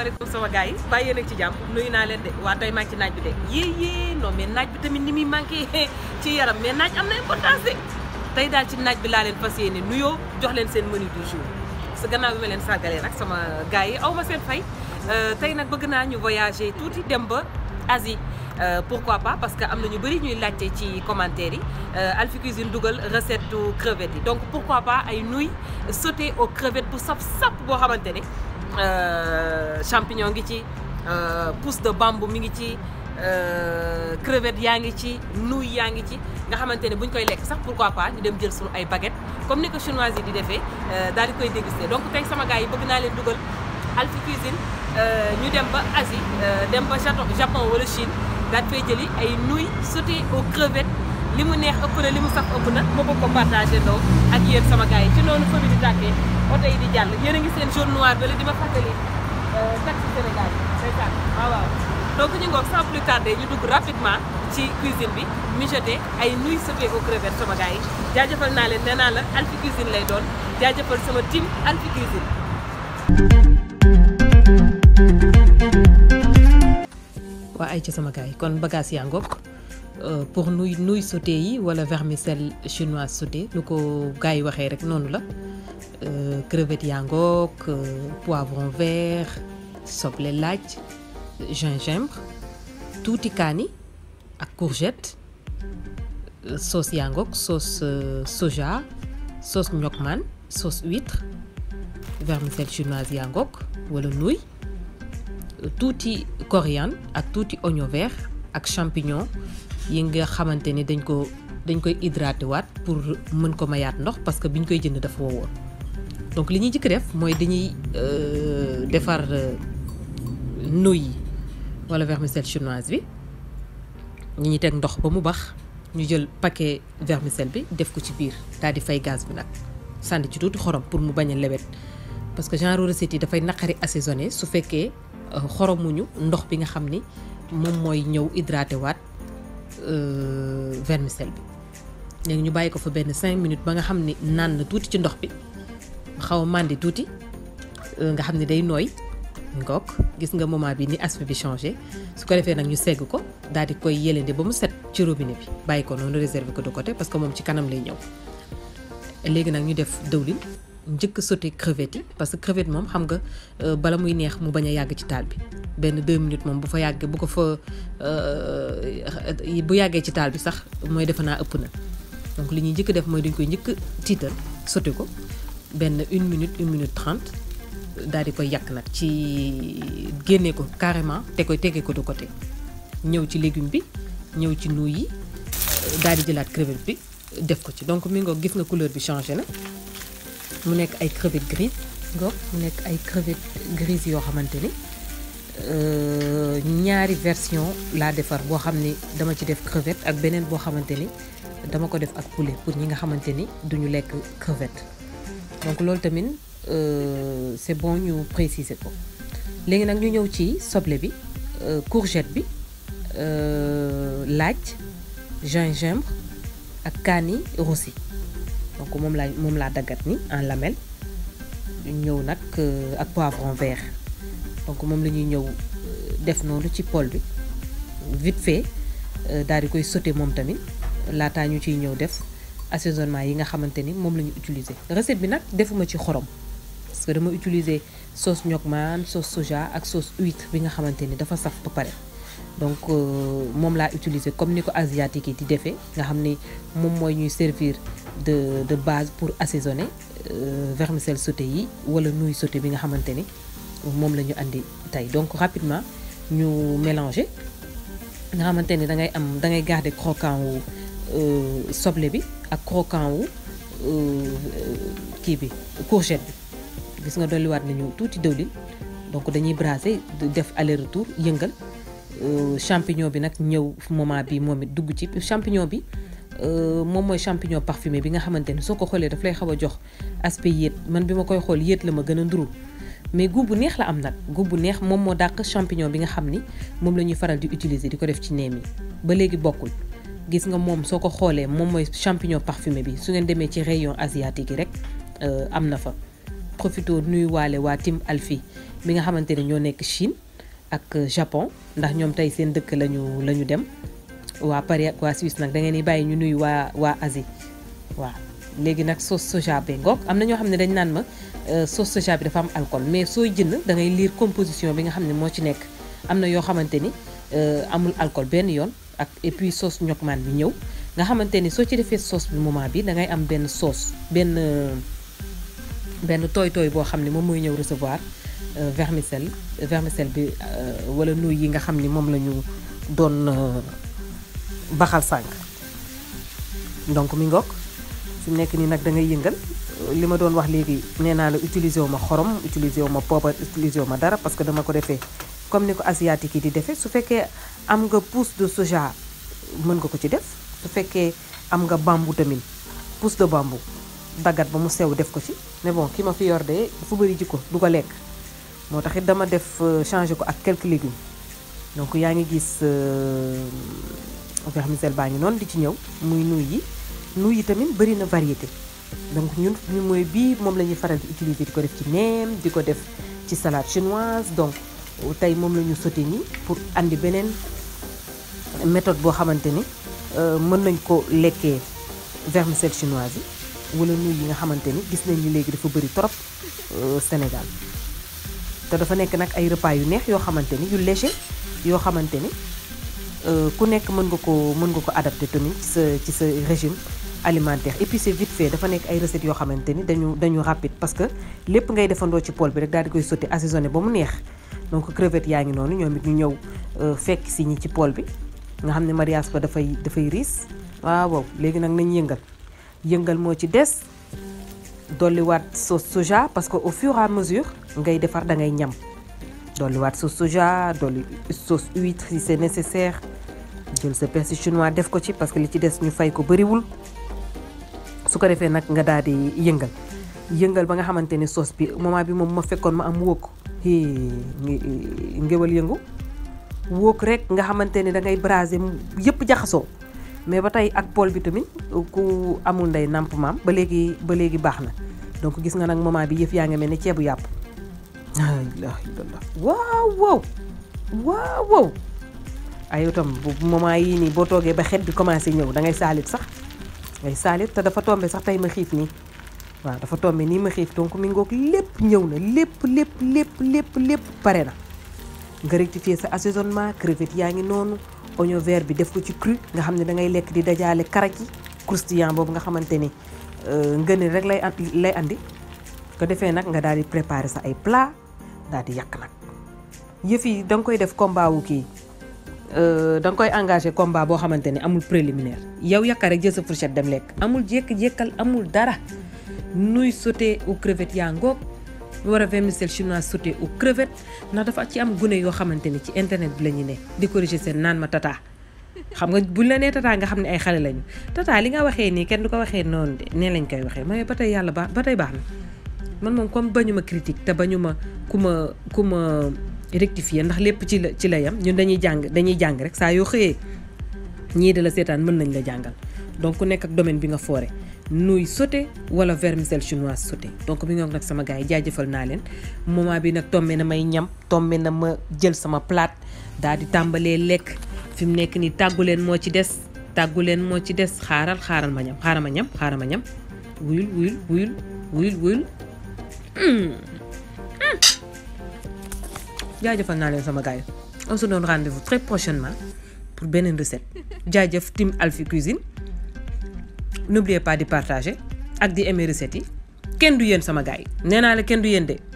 asalaamaaleykum sama gars yi bàyyi yéen ci jàmm nuyu naa leen de waa tey maa ci naaj bi de yee yee non mais naaj bi tamit ni muy manqué ci yaram mais naaj am na importance de tey daal ci naaj bi laa leen fas yéene nuyoo jox leen seen menu du jour sa gannaaw bi ma leen sàggalee nag sama gars yi aw ma seen fay euh, tey nag bëgg naa ñu voyager tuuti dem ba Asie euh, pourquoi pas parce que am na ñu bëri ñuy laajte ci commentaire yi euh, Alphie Cuisine dugal recette crevettes yi donc pourquoi pas ay nouilles sautées aux crevettes bu saf-saf boo xamante ne Euh, champignon ngi ci euh, pousse de bambou mi ngi ci euh, crevette yaa ngi ci nouille yaa ngi ci nga xamante ne bu ñu koy lekk sax pourquoi pas ñu dem jël suñu ay baguette comme ni ko chinois yi di defee daal di koy déguster donc tey sama gaa yi bëgg naa leen dugal Alphie Cuisine ñu dem ba Asie dem ba Japon wala Chine daal di fay jëli ay nouilles sautées aux crevettes li mu neex ëpp na li mu saf ëpp na ma ko partagé ndaw ak yéen sama gars yi ci noonu fa di tàkkee oto di jàll yéen a ngi seen jaune noir di ma fàttali euh, taxi Sénégal yi day tàkk waaw waaw donc ñu ngoog sans plus ñu dugg rapidement ci cuisine bi mijoté ay nouilles sautées aux sama gars yi jaajëfal naa leen nee la Alphie Cuisine lay doon jaajëfal sama team Alphie Cuisine waa ay ci sama gars yi kon bagage yaa ngoog Euh, pour nuy nuy sauté yi wala vermicelle chinoise sauté nu ko gars yi waxee rek noonu la euh, crevette yaa ngoog euh, poivron vert soble laaj gingembre tuuti kaani ak courgette sauce yaa ngoog sauce soja sauce ñokmaan sauce huître vermicelle chinoise yaa ngoog wala nuy tuuti coriandre ak tuuti oignon vert ak champignon yi nga xamante ni dañ ko dañ koy hydraté waat pour mën ko mayaat ndox parce que biñ koy jënd dafa woowoon donc li ñuy jëkk def mooy dañuy euh, defar euh, nouilles yi wala vermicelle chinoise bi ñu ñuy teg ndox ba mu bax ñu jël paquet vermicelle bi def ko ci biir daal di fay gaz bi nag sànni ci tuuti xorom pour mu bañ a lewet parce que genre recette yi dafay naqari assaisonné su fekkee euh, xoromuñu ndox bi nga xam ni moom mooy ñëw hydraté waat Euh, vermicelle bi léegi ñu bàyyi ko fa benn cinq minutes ba nga xam ni naan na tuuti ci ndox bi xaw a màndi tuuti euh, nga xam ni day nooy ngook gis nga moment bi ni aspect bi changé su ko defee nag ñu segg ko daal di koy yelende ba mu set ci robinet bi bàyyi ko noonu réserver ko de côté parce que moom ci kanam lay ñëw léegi nag ñu def dëwlin njëkk sote crevette yi parce que crevette moom xam nga euh, bala muy neex mu bañ a yàgg ci taal bi benn deux minutes moom bu fa yàggee bu ko fa euh, bu yàggee ci taal bi sax mooy defe naa ëpp na donc li ñuy njëkk def mooy dañ koy njëkk tiital sauté ko benn une minute une minute trente daal di koy yàq nag ci génne ko carrément te koy tege ko de côté ñëw ci légume bi ñëw ci nouilles yi euh, daal jëlaat crevette bi def ko ci donc mi nga gis nga couleur bi changé na mu nekk ay crevette grise ngoog mu nekk ay crevette grise yoo xamante ni euh, ñaari version laa defar boo xam ni dama ci def crevette ak beneen boo xamante ni dama ko def ak poulet pour ñi nga xamante ni duñu lekk crevette donc loolu tamit euh, c'est bon ñu préciser ko léegi nag ñu ñëw ci soble bi euh, courgette bi laaj gingembre ak kaani rosi ko moom laa moom laa daggat ni en lamelle ñëw nag euh, ak poivron vert donc moom la ñuy ñëw euh, def noonu ci poêle bi vite fait euh, daal di koy sauté moom tamit laataa ñu ciy ñëw def assaisonnement yi nga xamante ni moom la ñu utiliser recette bi nag defuma ci xorom parce que dama utiliser sauce ñokmaan sauce soja ak sauce huître bi nga xamante ni dafa saf ba pare donc moom laa utiliser comme ni ko asiatique yi di defee nga xam ni moom mooy ñuy servir de de base pour assaisonner euh, vermicelle sauté yi wala nouille sauté bi nga xamante ni moom la ñu andi tey donc rapidement ñu mélanger nga xamante ni da ngay am da ngay garder croquant wu euh, soble bi ak croquant wu euh, kii bi courgette bi gis nga dolliwaat nañu tuuti dëwlin donc dañuy brasser def aller retour yëngal champignon bi nag ñëw moment bi moom it dugg ci champignon bi. Euh, moom mooy champignon parfumé bi nga xamante ne soo ko xoolee daf lay xaw a jox aspect yéet man bi ma koy xool yéet la ma gën a nduru mais guub bu neex la am nag guub bu neex moom moo dàq champignon bi nga xam ni moom la ñuy faral di utiliser di ko def ci neem ba léegi bokkul gis nga moom soo ko xoolee moom mooy champignon parfumé bi su ngeen demee ci rayon asiatique yi rek euh, am na fa profité nuyu waale waa team Alphie bi nga xamante ne ñoo nekk Chine ak euh, Japon ndax ñoom tey seen dëkk lañu la ñu dem waa Paris waa Suisse nag da ngeen di bàyyi ñu nuyu waa waa Asie waaw léegi nag sauce soja bi ngoog am na ñoo xam ne dañ naan ma euh, sauce soja bi dafa am alcool mais sooy jënd da liir composition bi nga xam ne moo ci nekk am na yoo xamante ni euh, amul alcool benn yoon ak et puis sauce ñokmaan bi ñëw nga xamante ni soo ci defee sauce moment bi da am benn sauce benn benn tooy boo xam ne moom mooy ñëw recevoir euh, vermicelle vermicelle bi wala nouilles yi nga xam ni moom la ñu doon baxal sànq donc mu ngoog fi mu nekk nii nag da ngay yëngal li ma doon wax léegi nee naa la utiliser wu ma xorom utiliser wu ma poobar utiliser wu ma dara parce que dama ko defee comme ni ko asiatique yi di defee su fekkee am nga pousse de soja mën nga ko ci def su fekkee am nga bambu tamit pousse de bambu daggat ba mu sew def ko ci mais bon ki ma fi yor de fu bëri ji ko du ko lekk moo tax it dama def euh, changer ko ak quelques légumes donc yaa ngi gis euh, vermicelle baa ngi noonu di ci ñëw muy nuy yi nuy yi tamit bëri na variété donc ñun mooy bii moom la ñuy faral di utiliser di ko def ci neem di ko def ci salade chinoise donc tey moom la ñu sauté nii pour andi beneen méthode boo xamante ni euh, mën nañ ko lekkee vermicelle chinoise yi wala nuy yi nga xamante ni gis nañ ni léegi dafa bëri trop euh, Sénégal te dafa nekk nag ay repas yu neex yoo xamante ni yu léger yoo xamante ni Euh, ku nekk mën nga ko mën nga ko adapté tamit ci sa ci sa régime alimentaire et puis fait dafa nekk ay recettes yoo xamante ni dañu dañu rapide parce que lépp ngay defandoo ci poêle bi rek daal di koy sauté assaisonné ba mu neex donc crevette yaa ngi noonu ñoom ñu ñëw euh, fekk si ñi ci poêle bi nga xam ne mariage ba dafay dafay riis waaw léegi nag nañ yëngal yëngal moo ci des dolliwaat sauce soja parce que au fur et mesure ngay defar da ngay ñam dolliwaat sauce soja dolli sauce huître si c'est nécessaire jël sa persil chinois def ko ci parce que li ci des ñu fay ko bëriwul su ko defee nag nga daal di yëngal yëngal ba nga xamante ni sauce bi moment bi moom ma fekkoon ma am wokk ngéwal yëngu wokk rek nga xamante ne da ngay brasé yëpp jaxasoo mais ba tey ak bool bi tamit ku amul ndey namp maam ba léegi ba léegi baax na donc gis nga nag moment bi yëf yaa ngi mel ni ceebu yàpp la ilaha illallah waaw waaw waaw ay itam bu moment yii nii boo toogee ba xet bi commencé ñëw da ngay saalit sax ngay saalit te dafa tombe sax tey ma xiif nii waaw dafa tombe nii ma xiif donc mi ngoog lépp ñëw na lépp lépp lépp lépp lépp pare na nga rectifier sa assaisonnement crevette yaa ngi noonu oignon vert bi def ko ci cru nga xam ne dangay lekk di dajaale karaj yi croustillant boobu nga xamante ni euh, ngëneel rek lay lay andi ko defee nag nga daal di préparer sa ay plat daal di yàq nag yëf yi da nga koy def combat wu kii euh, da nga koy engage combat boo xamante ne amul préliminaire yow yàkkaar rek jël sa fourchette dem lekk amul jékki-jékkal amul dara nuy sauté aux crevettes yaa ngoog war a vermicelle chinois sauté aux crevettes ndax dafa ci am gune yoo xamante ni ci internet bi la ñu ne di corriger seen naan ma tata xam nga buñ la nee tata nga xam ne ay xale lañu tata li nga waxee nii kenn du ko waxee noonu nee lañ koy waxee mooy ba tey yàlla baax ba tey baax na man moom comme bañu ma critique te bañu ma ku ma ku ma rectifier ndax lépp ci la ci la yam ñun dañuy jàng dañuy jàng rek saa yoo xëyee ñii de la seetaan mën nañ la jàngal donc ku nekk ak domaine bi nga foore nuy sauté wala vermicelle chinoise sauté donc mi ngi nag sama gars yi jaajëfal naa leen moment bi nag tombé na may ñam tombé na ma jël sama plate daal di tàmbalee lekk fi mu nekk nii tàggu leen moo ci des tàggu leen moo ci des xaaral xaaral ma ñam xaaral ma ñam xaaral ma ñam wuyul wuyul Mm. Mm. jaajëfal naa leen sama gars yi on se donne très prochainement pour beneen recette jaajëf team Alphie Cuisine n'oubliez pas di partager ak di aimer recette yi kenn du yéen sama gars yi nee naa la kenn du yéen de.